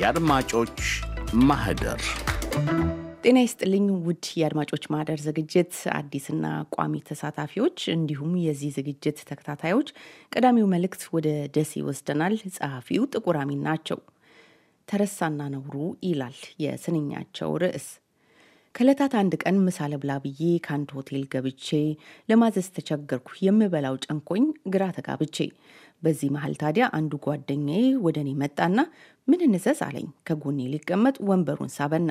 የአድማጮች ማህደር ጤና ይስጥልኝ ውድ የአድማጮች ማህደር ዝግጅት አዲስና ቋሚ ተሳታፊዎች እንዲሁም የዚህ ዝግጅት ተከታታዮች፣ ቀዳሚው መልእክት ወደ ደሴ ይወስደናል። ጸሐፊው ጥቁር አሚን ናቸው። ተረሳና ነውሩ ይላል የስንኛቸው ርዕስ። ከእለታት አንድ ቀን ምሳ ልብላ ብዬ ከአንድ ሆቴል ገብቼ ለማዘዝ ተቸገርኩ። የምበላው ጨንቆኝ ግራ ተጋብቼ በዚህ መሀል ታዲያ አንዱ ጓደኛዬ ወደ እኔ መጣና ምን እንሰስ አለኝ። ከጎኔ ሊቀመጥ ወንበሩን ሳበና።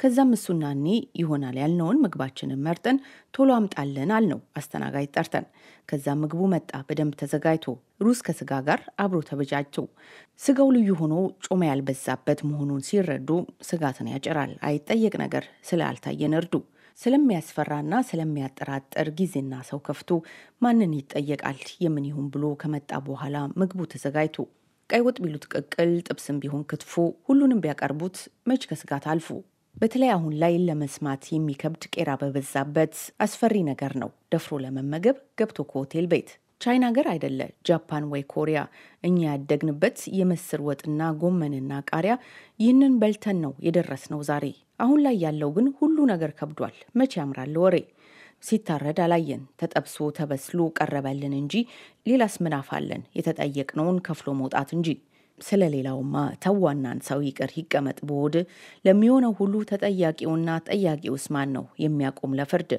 ከዛም እሱና እኔ ይሆናል ያልነውን ምግባችንን መርጠን ቶሎ አምጣልን አልነው አስተናጋጅ ጠርተን። ከዛ ምግቡ መጣ በደንብ ተዘጋጅቶ ሩዝ ከስጋ ጋር አብሮ ተበጃጅቶ። ስጋው ልዩ ሆኖ ጮማ ያልበዛበት መሆኑን ሲረዱ ስጋትን ያጭራል። አይጠየቅ ነገር አልታየን እርዱ ስለሚያስፈራና ስለሚያጠራጥር ጊዜና ሰው ከፍቶ ማንን ይጠየቃል? የምን ይሁን ብሎ ከመጣ በኋላ ምግቡ ተዘጋጅቶ ቀይ ወጥ ቢሉት ቅቅል፣ ጥብስም ቢሆን ክትፎ፣ ሁሉንም ቢያቀርቡት መች ከስጋት አልፉ። በተለይ አሁን ላይ ለመስማት የሚከብድ ቄራ በበዛበት አስፈሪ ነገር ነው ደፍሮ ለመመገብ ገብቶ ከሆቴል ቤት ቻይና ሀገር አይደለ ጃፓን ወይ ኮሪያ። እኛ ያደግንበት የምስር ወጥና ጎመንና ቃሪያ፣ ይህንን በልተን ነው የደረስነው ዛሬ አሁን ላይ ያለው ግን ሁሉ ነገር ከብዷል። መቼ ያምራል ወሬ ሲታረድ አላየን። ተጠብሶ ተበስሎ ቀረበልን እንጂ ሌላስ ምናፋለን የተጠየቅነውን ከፍሎ መውጣት እንጂ ስለ ሌላውማ ተዋናን ሰው ይቅር ይቀመጥ ብወድ ለሚሆነው ሁሉ ተጠያቂውና ጠያቂውስ ማን ነው? የሚያቆም ለፍርድ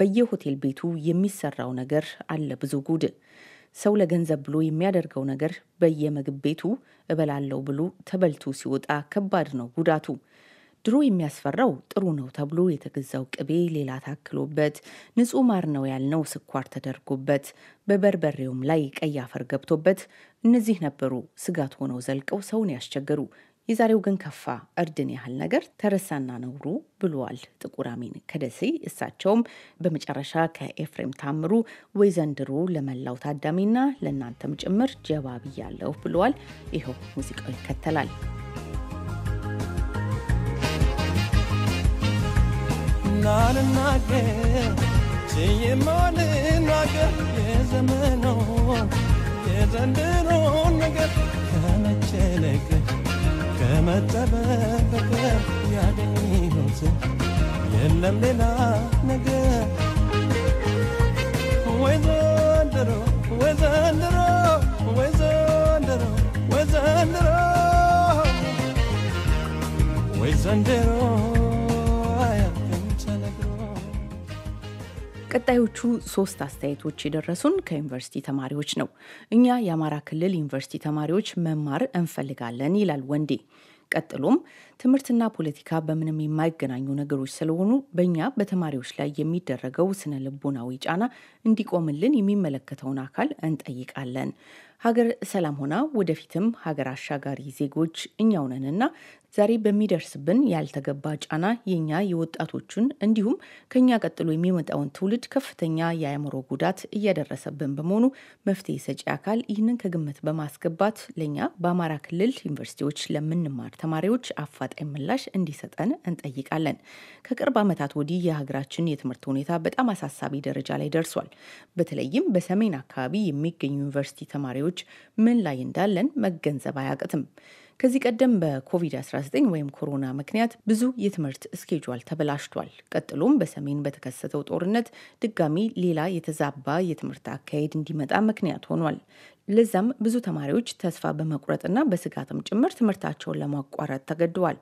በየሆቴል ቤቱ የሚሰራው ነገር አለ ብዙ ጉድ። ሰው ለገንዘብ ብሎ የሚያደርገው ነገር በየምግብ ቤቱ እበላለው ብሎ ተበልቶ ሲወጣ ከባድ ነው ጉዳቱ። ድሮ የሚያስፈራው ጥሩ ነው ተብሎ የተገዛው ቅቤ ሌላ ታክሎበት፣ ንጹህ ማር ነው ያልነው ስኳር ተደርጎበት፣ በበርበሬውም ላይ ቀይ አፈር ገብቶበት፣ እነዚህ ነበሩ ስጋት ሆነው ዘልቀው ሰውን ያስቸገሩ። የዛሬው ግን ከፋ፣ እርድን ያህል ነገር ተረሳና ነውሩ ብሏል ጥቁር አሚን ከደሴ። እሳቸውም በመጨረሻ ከኤፍሬም ታምሩ ወይ ዘንድሮ ለመላው ታዳሚና ለእናንተም ጭምር ጀባብ ብያለሁ ብለዋል። ይኸው ሙዚቃው ይከተላል። ናልናገር ስየማልናገር የዘመኖን የዘንድሮ ነገር ከመጨነቅ ከመጠበቅ በቀር የለም ሌላ ነገር ወይ ዘንድሮ ወይ ዘንድሮ ወይ ዘንድሮ ወይ ዘንድሮ ወይ ዘንድሮ ቀጣዮቹ ሶስት አስተያየቶች የደረሱን ከዩኒቨርሲቲ ተማሪዎች ነው። እኛ የአማራ ክልል ዩኒቨርሲቲ ተማሪዎች መማር እንፈልጋለን ይላል ወንዴ። ቀጥሎም ትምህርትና ፖለቲካ በምንም የማይገናኙ ነገሮች ስለሆኑ በእኛ በተማሪዎች ላይ የሚደረገው ስነ ልቦናዊ ጫና እንዲቆምልን የሚመለከተውን አካል እንጠይቃለን። ሀገር ሰላም ሆና ወደፊትም ሀገር አሻጋሪ ዜጎች እኛውነንና ዛሬ በሚደርስብን ያልተገባ ጫና የኛ የወጣቶቹን እንዲሁም ከኛ ቀጥሎ የሚመጣውን ትውልድ ከፍተኛ የአእምሮ ጉዳት እያደረሰብን በመሆኑ መፍትሄ ሰጪ አካል ይህንን ከግምት በማስገባት ለእኛ በአማራ ክልል ዩኒቨርሲቲዎች ለምንማር ተማሪዎች አፋጣኝ ምላሽ እንዲሰጠን እንጠይቃለን። ከቅርብ ዓመታት ወዲህ የሀገራችን የትምህርት ሁኔታ በጣም አሳሳቢ ደረጃ ላይ ደርሷል። በተለይም በሰሜን አካባቢ የሚገኙ ዩኒቨርሲቲ ተማሪዎች ምን ላይ እንዳለን መገንዘብ አያቅትም። ከዚህ ቀደም በኮቪድ-19 ወይም ኮሮና ምክንያት ብዙ የትምህርት እስኬጇል ተበላሽቷል። ቀጥሎም በሰሜን በተከሰተው ጦርነት ድጋሚ ሌላ የተዛባ የትምህርት አካሄድ እንዲመጣ ምክንያት ሆኗል። ለዛም ብዙ ተማሪዎች ተስፋ በመቁረጥና በስጋትም ጭምር ትምህርታቸውን ለማቋረጥ ተገደዋል።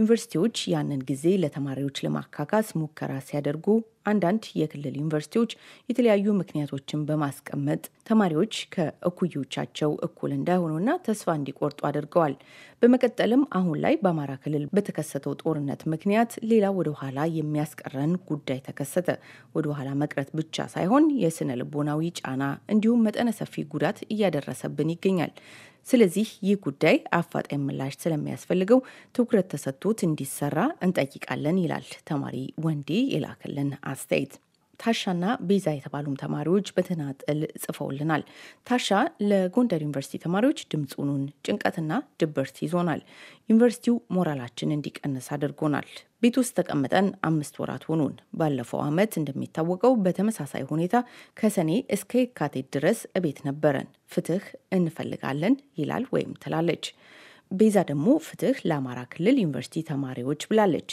ዩኒቨርሲቲዎች ያንን ጊዜ ለተማሪዎች ለማካካስ ሙከራ ሲያደርጉ አንዳንድ የክልል ዩኒቨርሲቲዎች የተለያዩ ምክንያቶችን በማስቀመጥ ተማሪዎች ከእኩዮቻቸው እኩል እንዳይሆኑና ተስፋ እንዲቆርጡ አድርገዋል። በመቀጠልም አሁን ላይ በአማራ ክልል በተከሰተው ጦርነት ምክንያት ሌላ ወደ ኋላ የሚያስቀረን ጉዳይ ተከሰተ። ወደ ኋላ መቅረት ብቻ ሳይሆን የስነ ልቦናዊ ጫና እንዲሁም መጠነ ሰፊ ጉዳት እያደረሰብን ይገኛል። ስለዚህ ይህ ጉዳይ አፋጣኝ ምላሽ ስለሚያስፈልገው ትኩረት ተሰጥቶት እንዲሰራ እንጠይቃለን ይላል ተማሪ ወንዴ የላከልን አስተያየት። ታሻና ቤዛ የተባሉም ተማሪዎች በተናጠል ጽፈውልናል። ታሻ ለጎንደር ዩኒቨርሲቲ ተማሪዎች ድምፁኑን ጭንቀትና ድብርት ይዞናል። ዩኒቨርሲቲው ሞራላችን እንዲቀንስ አድርጎናል። ቤት ውስጥ ተቀምጠን አምስት ወራት ሆኑን። ባለፈው ዓመት እንደሚታወቀው በተመሳሳይ ሁኔታ ከሰኔ እስከ የካቲት ድረስ እቤት ነበረን። ፍትህ እንፈልጋለን ይላል ወይም ትላለች። ቤዛ ደግሞ ፍትህ ለአማራ ክልል ዩኒቨርሲቲ ተማሪዎች ብላለች።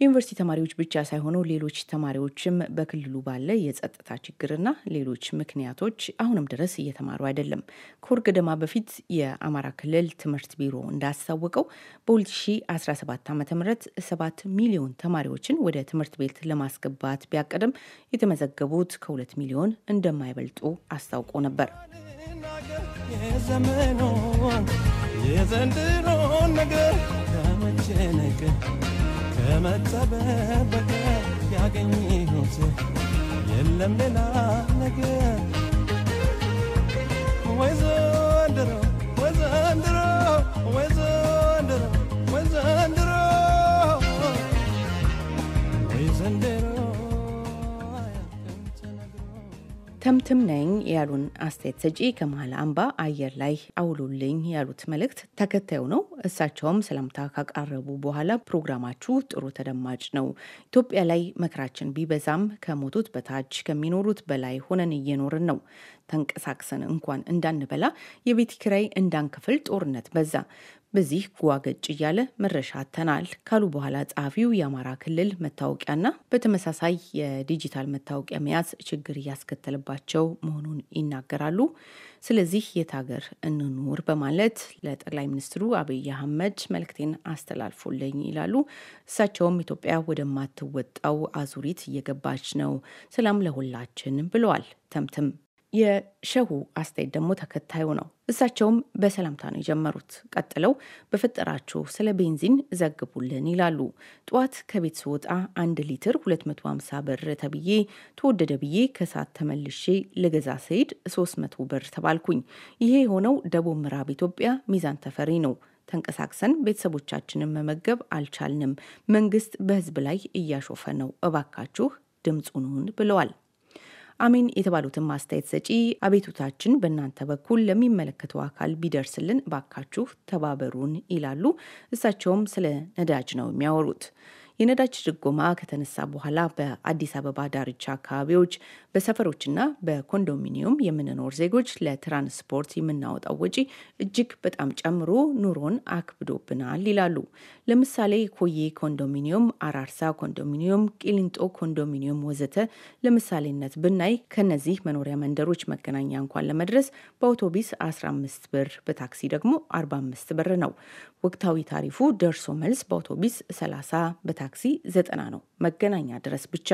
የዩኒቨርሲቲ ተማሪዎች ብቻ ሳይሆኑ ሌሎች ተማሪዎችም በክልሉ ባለ የጸጥታ ችግርና ሌሎች ምክንያቶች አሁንም ድረስ እየተማሩ አይደለም። ከወር ገደማ በፊት የአማራ ክልል ትምህርት ቢሮ እንዳስታወቀው በ2017 ዓ ም 7 ሚሊዮን ተማሪዎችን ወደ ትምህርት ቤት ለማስገባት ቢያቀደም የተመዘገቡት ከሁለት ሚሊዮን እንደማይበልጡ አስታውቆ ነበር። ነገር በመጠበቅ ያገኘሁት የለም ሌላ ነገር ወይ ዘንድሮ ወይ ዘንድሮ ወይ ዘንድሮ ወይ ዘንድሮ ወይ ዘንድሮ ተምትም ነኝ ያሉን አስተያየት ሰጪ ከመሀል አምባ አየር ላይ አውሉልኝ ያሉት መልእክት ተከታዩ ነው። እሳቸውም ሰላምታ ካቀረቡ በኋላ ፕሮግራማችሁ ጥሩ ተደማጭ ነው። ኢትዮጵያ ላይ መከራችን ቢበዛም ከሞቱት በታች ከሚኖሩት በላይ ሆነን እየኖርን ነው። ተንቀሳቅሰን እንኳን እንዳንበላ የቤት ኪራይ እንዳንክፍል ጦርነት በዛ። በዚህ ጓገጭ እያለ መረሻ አተናል ካሉ በኋላ ጸሐፊው የአማራ ክልል መታወቂያና በተመሳሳይ የዲጂታል መታወቂያ መያዝ ችግር እያስከተለባቸው መሆኑን ይናገራሉ። ስለዚህ የት ሀገር እንኑር በማለት ለጠቅላይ ሚኒስትሩ አብይ አህመድ መልክቴን አስተላልፎልኝ ይላሉ። እሳቸውም ኢትዮጵያ ወደማትወጣው አዙሪት እየገባች ነው፣ ሰላም ለሁላችን ብለዋል። ተምትም የሸሁ አስተያየት ደግሞ ተከታዩ ነው። እሳቸውም በሰላምታ ነው የጀመሩት። ቀጥለው በፈጠራችሁ ስለ ቤንዚን ዘግቡልን ይላሉ። ጠዋት ከቤት ስወጣ አንድ ሊትር 250 ብር ተብዬ ተወደደ ብዬ ከሰዓት ተመልሼ ልገዛ ስሄድ 300 ብር ተባልኩኝ። ይሄ የሆነው ደቡብ ምዕራብ ኢትዮጵያ ሚዛን ተፈሪ ነው። ተንቀሳቅሰን ቤተሰቦቻችንን መመገብ አልቻልንም። መንግስት በህዝብ ላይ እያሾፈ ነው። እባካችሁ ድምፁን ብለዋል። አሜን የተባሉትን ማስተያየት ሰጪ አቤቱታችን በእናንተ በኩል ለሚመለከተው አካል ቢደርስልን ባካችሁ ተባበሩን ይላሉ። እሳቸውም ስለ ነዳጅ ነው የሚያወሩት። የነዳጅ ድጎማ ከተነሳ በኋላ በአዲስ አበባ ዳርቻ አካባቢዎች በሰፈሮችና በኮንዶሚኒየም የምንኖር ዜጎች ለትራንስፖርት የምናወጣው ወጪ እጅግ በጣም ጨምሮ ኑሮን አክብዶብናል ይላሉ። ለምሳሌ ኮዬ ኮንዶሚኒየም፣ አራርሳ ኮንዶሚኒየም፣ ቂሊንጦ ኮንዶሚኒየም ወዘተ ለምሳሌነት ብናይ ከነዚህ መኖሪያ መንደሮች መገናኛ እንኳን ለመድረስ በአውቶቢስ 15 ብር በታክሲ ደግሞ 45 ብር ነው። ወቅታዊ ታሪፉ ደርሶ መልስ በአውቶቢስ 30 በታክሲ 90 ነው መገናኛ ድረስ ብቻ።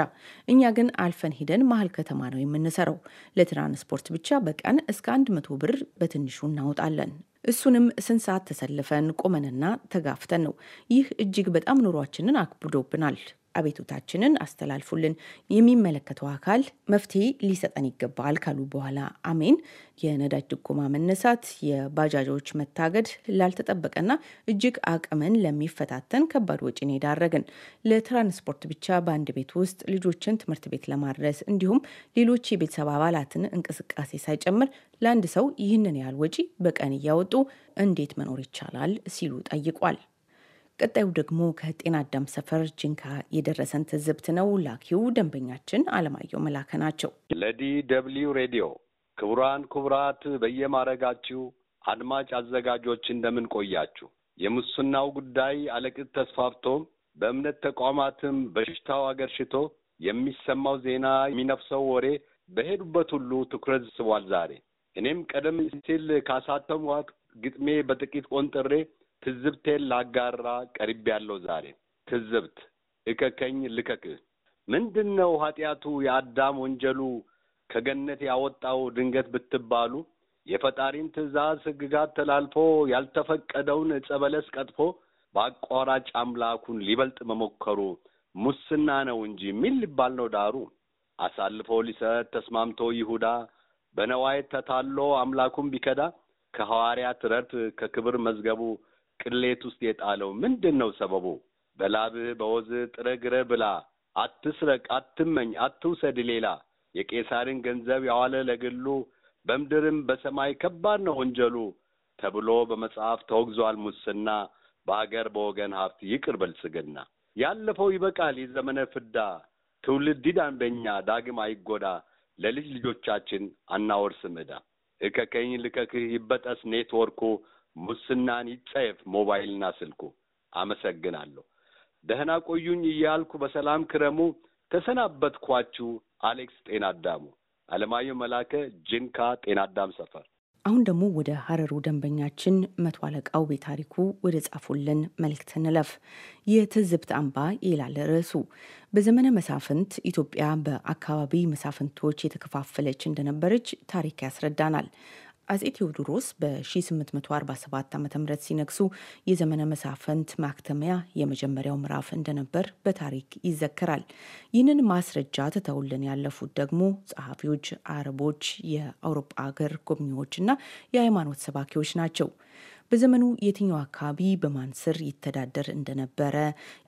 እኛ ግን አልፈን ሂደን መሀል ከተማ ከተማ ነው የምንሰራው። ለትራንስፖርት ብቻ በቀን እስከ አንድ መቶ ብር በትንሹ እናወጣለን። እሱንም ስንት ሰዓት ተሰልፈን ቆመንና ተጋፍተን ነው። ይህ እጅግ በጣም ኑሯችንን አክብዶብናል። አቤቱታችንን አስተላልፉልን፣ የሚመለከተው አካል መፍትሄ ሊሰጠን ይገባል ካሉ በኋላ አሜን። የነዳጅ ድጎማ መነሳት፣ የባጃጆች መታገድ ላልተጠበቀና እጅግ አቅምን ለሚፈታተን ከባድ ወጪን የዳረግን፣ ለትራንስፖርት ብቻ በአንድ ቤት ውስጥ ልጆችን ትምህርት ቤት ለማድረስ እንዲሁም ሌሎች የቤተሰብ አባላትን እንቅስቃሴ ሳይጨምር ለአንድ ሰው ይህንን ያህል ወጪ በቀን እያወጡ እንዴት መኖር ይቻላል ሲሉ ጠይቋል። ቀጣዩ ደግሞ ከጤና አዳም ሰፈር ጅንካ የደረሰን ትዝብት ነው። ላኪው ደንበኛችን አለማየሁ መላከ ናቸው። ለዲ ደብልዩ ሬዲዮ ክቡራን ክቡራት፣ በየማረጋችሁ አድማጭ አዘጋጆች እንደምን ቆያችሁ? የሙስናው ጉዳይ አለቅጥ ተስፋፍቶ በእምነት ተቋማትም በሽታው አገርሽቶ የሚሰማው ዜና የሚነፍሰው ወሬ በሄዱበት ሁሉ ትኩረት ስቧል ዛሬ። እኔም ቀደም ሲል ካሳተምኳት ግጥሜ በጥቂት ቆንጥሬ ትዝብቴን ላጋራ ቀሪብ ያለው ዛሬ ትዝብት እከከኝ ልከክህ ምንድን ነው ኃጢአቱ የአዳም ወንጀሉ ከገነት ያወጣው ድንገት ብትባሉ የፈጣሪን ትእዛዝ ህግጋት ተላልፎ ያልተፈቀደውን ጸበለስ ቀጥፎ በአቋራጭ አምላኩን ሊበልጥ መሞከሩ ሙስና ነው እንጂ ምን ሊባል ነው ዳሩ። አሳልፎ ሊሰጥ ተስማምቶ ይሁዳ በነዋይ ተታሎ አምላኩን ቢከዳ ከሐዋርያት ረድፍ ከክብር መዝገቡ ቅሌት ውስጥ የጣለው ምንድን ነው ሰበቡ? በላብህ በወዝ ጥረግረ ብላ፣ አትስረቅ፣ አትመኝ፣ አትውሰድ ሌላ። የቄሳርን ገንዘብ ያዋለ ለግሉ በምድርም በሰማይ ከባድ ነው ወንጀሉ ተብሎ በመጽሐፍ ተወግዟል ሙስና። በአገር በወገን ሀብት ይቅር በልጽግና። ያለፈው ይበቃል የዘመነ ፍዳ፣ ትውልድ ይዳን በእኛ ዳግም አይጎዳ። ለልጅ ልጆቻችን አናወርስም ዕዳ። እከከኝ ልከክህ ይበጠስ ኔትወርኩ ሙስናን ይጸየፍ ሞባይልና ስልኩ። አመሰግናለሁ። ደህና ቆዩኝ እያልኩ በሰላም ክረሙ። ተሰናበትኳችሁ። አሌክስ ጤናዳሙ አለማየሁ መላከ፣ ጅንካ ጤናዳም ሰፈር። አሁን ደግሞ ወደ ሀረሩ ደንበኛችን መቶ አለቃው ቤታሪኩ ወደ ጻፉልን መልእክት እንለፍ። የትዝብት አምባ ይላል ርዕሱ። በዘመነ መሳፍንት ኢትዮጵያ በአካባቢ መሳፍንቶች የተከፋፈለች እንደነበረች ታሪክ ያስረዳናል። አጼ ቴዎድሮስ በ1847 ዓ ም ሲነግሱ የዘመነ መሳፍንት ማክተሚያ የመጀመሪያው ምዕራፍ እንደነበር በታሪክ ይዘከራል። ይህንን ማስረጃ ትተውልን ያለፉት ደግሞ ጸሐፊዎች፣ አረቦች፣ የአውሮፓ አገር ጎብኚዎችና የሃይማኖት ሰባኪዎች ናቸው። በዘመኑ የትኛው አካባቢ በማን ስር ይተዳደር እንደነበረ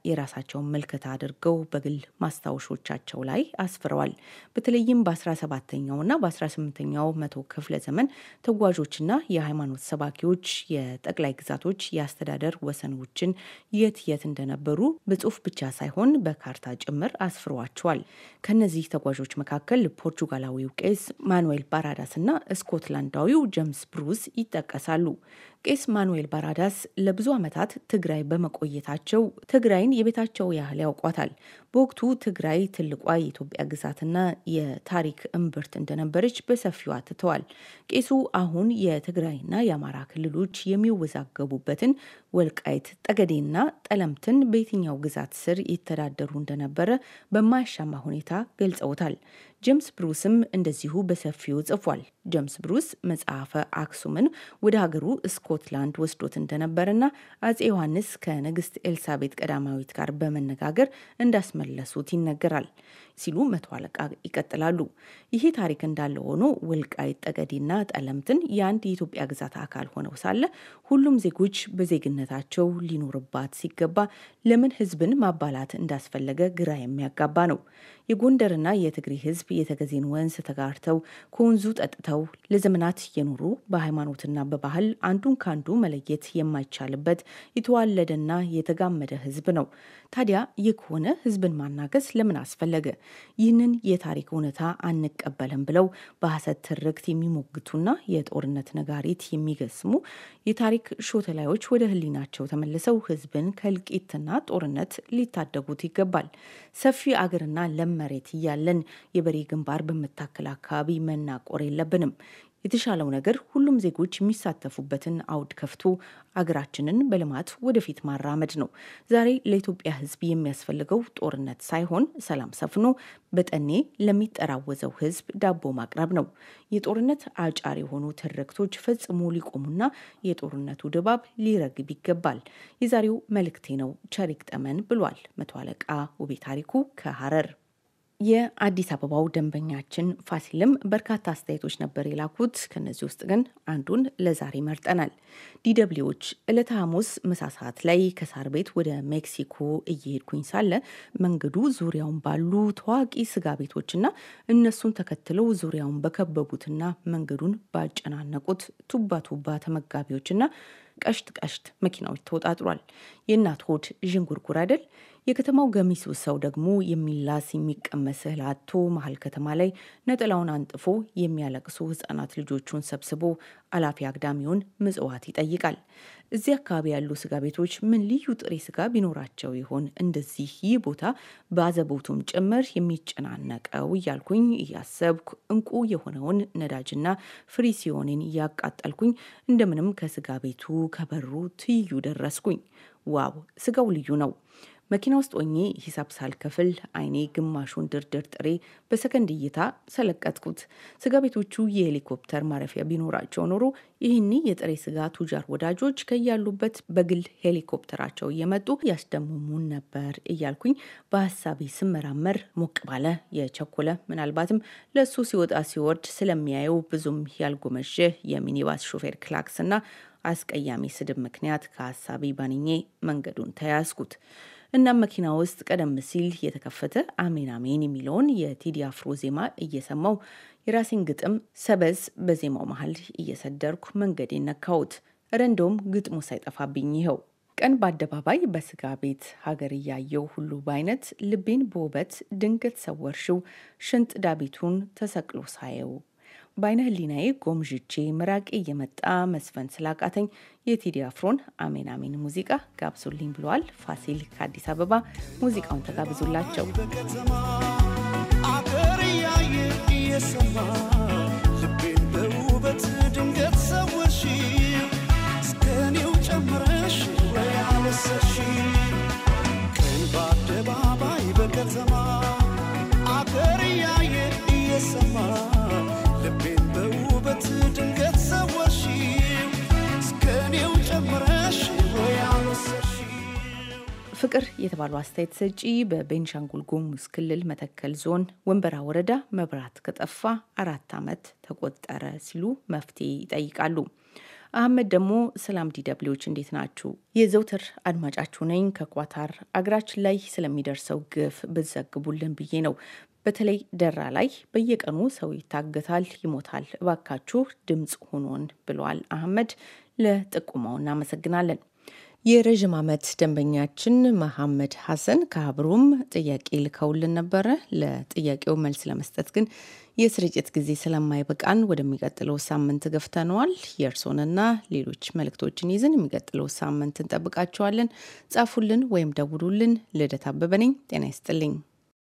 የራሳቸውን ምልከታ አድርገው በግል ማስታወሾቻቸው ላይ አስፍረዋል። በተለይም በ17ኛውና በ18ኛው መቶ ክፍለ ዘመን ተጓዦችና የሃይማኖት ሰባኪዎች የጠቅላይ ግዛቶች የአስተዳደር ወሰኖችን የት የት እንደነበሩ በጽሁፍ ብቻ ሳይሆን በካርታ ጭምር አስፍረዋቸዋል። ከነዚህ ተጓዦች መካከል ፖርቹጋላዊው ቄስ ማኑዌል ባራዳስ እና ስኮትላንዳዊው ጀምስ ብሩስ ይጠቀሳሉ። ቄስ ማኑኤል ባራዳስ ለብዙ ዓመታት ትግራይ በመቆየታቸው ትግራይን የቤታቸው ያህል ያውቋታል። በወቅቱ ትግራይ ትልቋ የኢትዮጵያ ግዛትና የታሪክ እምብርት እንደነበረች በሰፊው አትተዋል። ቄሱ አሁን የትግራይና የአማራ ክልሎች የሚወዛገቡበትን ወልቃይት ጠገዴና ጠለምትን በየትኛው ግዛት ስር ይተዳደሩ እንደነበረ በማያሻማ ሁኔታ ገልጸውታል። ጄምስ ብሩስም እንደዚሁ በሰፊው ጽፏል። ጄምስ ብሩስ መጽሐፈ አክሱምን ወደ ሀገሩ ስኮትላንድ ወስዶት እንደነበርና አጼ ዮሐንስ ከንግስት ኤልሳቤት ቀዳማዊት ጋር በመነጋገር እንዳስመለሱት ይነገራል ሲሉ መቶ አለቃ ይቀጥላሉ። ይሄ ታሪክ እንዳለ ሆኖ ወልቃይት ጠገዴና ጠለምትን የአንድ የኢትዮጵያ ግዛት አካል ሆነው ሳለ ሁሉም ዜጎች በዜግነታቸው ሊኖርባት ሲገባ ለምን ህዝብን ማባላት እንዳስፈለገ ግራ የሚያጋባ ነው። የጎንደርና የትግሪ ህዝብ የተገዜን ወንዝ ተጋርተው ከወንዙ ጠጥተው ለዘመናት የኖሩ በሃይማኖትና በባህል አንዱን ከአንዱ መለየት የማይቻልበት የተዋለደና የተጋመደ ህዝብ ነው። ታዲያ ይህ ከሆነ ህዝብን ማናገስ ለምን አስፈለገ? ይህንን የታሪክ እውነታ አንቀበልም ብለው በሐሰት ትርክት የሚሞግቱና የጦርነት ነጋሪት የሚገስሙ የታሪክ ሾተላዮች ወደ ህሊናቸው ተመልሰው ህዝብን ከእልቂትና ጦርነት ሊታደጉት ይገባል። ሰፊ አገርና ለም መሬት እያለን የበሬ ግንባር በምታክል አካባቢ መናቆር የለብንም። የተሻለው ነገር ሁሉም ዜጎች የሚሳተፉበትን አውድ ከፍቶ አገራችንን በልማት ወደፊት ማራመድ ነው። ዛሬ ለኢትዮጵያ ሕዝብ የሚያስፈልገው ጦርነት ሳይሆን ሰላም ሰፍኖ በጠኔ ለሚጠራወዘው ሕዝብ ዳቦ ማቅረብ ነው። የጦርነት አጫር የሆኑ ትርክቶች ፈጽሞ ሊቆሙና የጦርነቱ ድባብ ሊረግብ ይገባል። የዛሬው መልእክቴ ነው። ቸሪክ ጠመን ብሏል መቶ አለቃ ውቤ ታሪኩ ከሐረር የአዲስ አበባው ደንበኛችን ፋሲልም በርካታ አስተያየቶች ነበር የላኩት። ከነዚህ ውስጥ ግን አንዱን ለዛሬ መርጠናል። ዲደብሊዎች እለተ ሐሙስ ምሳ ሰዓት ላይ ከሳር ቤት ወደ ሜክሲኮ እየሄድኩኝ ሳለ መንገዱ ዙሪያውን ባሉ ታዋቂ ስጋ ቤቶችና እነሱን ተከትለው ዙሪያውን በከበቡትና መንገዱን ባጨናነቁት ቱባ ቱባ ተመጋቢዎችና ቀሽት ቀሽት መኪናዎች ተወጣጥሯል። የእናት ሆድ ዥንጉርጉር አይደል? የከተማው ገሚሱ ሰው ደግሞ የሚላስ የሚቀመስ እህል አጥቶ መሀል ከተማ ላይ ነጠላውን አንጥፎ የሚያለቅሱ ህጻናት ልጆቹን ሰብስቦ አላፊ አግዳሚውን ምጽዋት ይጠይቃል። እዚህ አካባቢ ያሉ ስጋ ቤቶች ምን ልዩ ጥሬ ስጋ ቢኖራቸው ይሆን እንደዚህ ይህ ቦታ በአዘቦቱም ጭምር የሚጨናነቀው እያልኩኝ እያሰብኩ እንቁ የሆነውን ነዳጅና ፍሪሲዮኔን እያቃጠልኩኝ እንደምንም ከስጋ ቤቱ ከበሩ ትይዩ ደረስኩኝ። ዋው ስጋው ልዩ ነው። መኪና ውስጥ ሆኜ ሂሳብ ሳልከፍል አይኔ ግማሹን ድርድር ጥሬ በሰከንድ እይታ ሰለቀጥኩት። ስጋ ቤቶቹ የሄሊኮፕተር ማረፊያ ቢኖራቸው ኖሮ ይህኒ የጥሬ ስጋ ቱጃር ወዳጆች ከያሉበት በግል ሄሊኮፕተራቸው እየመጡ ያስደምሙን ነበር እያልኩኝ በሀሳቤ ስመራመር ሞቅ ባለ የቸኮለ ምናልባትም ለእሱ ሲወጣ ሲወርድ ስለሚያየው ብዙም ያልጎመዥ የሚኒባስ ሾፌር ክላክስና አስቀያሚ ስድብ ምክንያት ከሀሳቤ ባንኜ መንገዱን ተያዝኩት። እናም መኪና ውስጥ ቀደም ሲል የተከፈተ አሜን አሜን የሚለውን የቴዲ አፍሮ ዜማ እየሰማው የራሴን ግጥም ሰበዝ በዜማው መሀል እየሰደርኩ መንገዴ ነካሁት። ረንዶም ግጥሙ ሳይጠፋብኝ ይኸው ቀን በአደባባይ በስጋ ቤት ሀገር እያየው ሁሉ በአይነት ልቤን በውበት ድንገት ሰወርሽው ሽንጥ ዳቢቱን ተሰቅሎ ሳየው በአይነ ህሊናዬ ጎምዥቼ ምራቄ እየመጣ መስፈን ስላቃተኝ የቲዲ አፍሮን አሜን አሜን ሙዚቃ ጋብሱልኝ ብለዋል ፋሲል ከአዲስ አበባ። ሙዚቃውን ተጋብዙላቸው። ፍቅር የተባሉ አስተያየት ሰጪ በቤንሻንጉል ጉሙዝ ክልል መተከል ዞን ወንበራ ወረዳ መብራት ከጠፋ አራት ዓመት ተቆጠረ ሲሉ መፍትሄ ይጠይቃሉ። አህመድ ደግሞ ሰላም ዲደብሊዎች እንዴት ናችሁ? የዘውትር አድማጫችሁ ነኝ። ከኳታር አገራችን ላይ ስለሚደርሰው ግፍ ብዘግቡልን ብዬ ነው። በተለይ ደራ ላይ በየቀኑ ሰው ይታገታል፣ ይሞታል። እባካችሁ ድምፅ ሆኖን ብሏል አህመድ። ለጥቁማው እናመሰግናለን። የረዥም ዓመት ደንበኛችን መሐመድ ሐሰን ከአብሮም ጥያቄ ልከውልን ነበረ። ለጥያቄው መልስ ለመስጠት ግን የስርጭት ጊዜ ስለማይበቃን ወደሚቀጥለው ሳምንት ገፍተነዋል። የእርሶንና ሌሎች መልእክቶችን ይዝን የሚቀጥለው ሳምንት እንጠብቃቸዋለን። ጻፉልን ወይም ደውሉልን። ልደት አበበ ነኝ። ጤና ይስጥልኝ።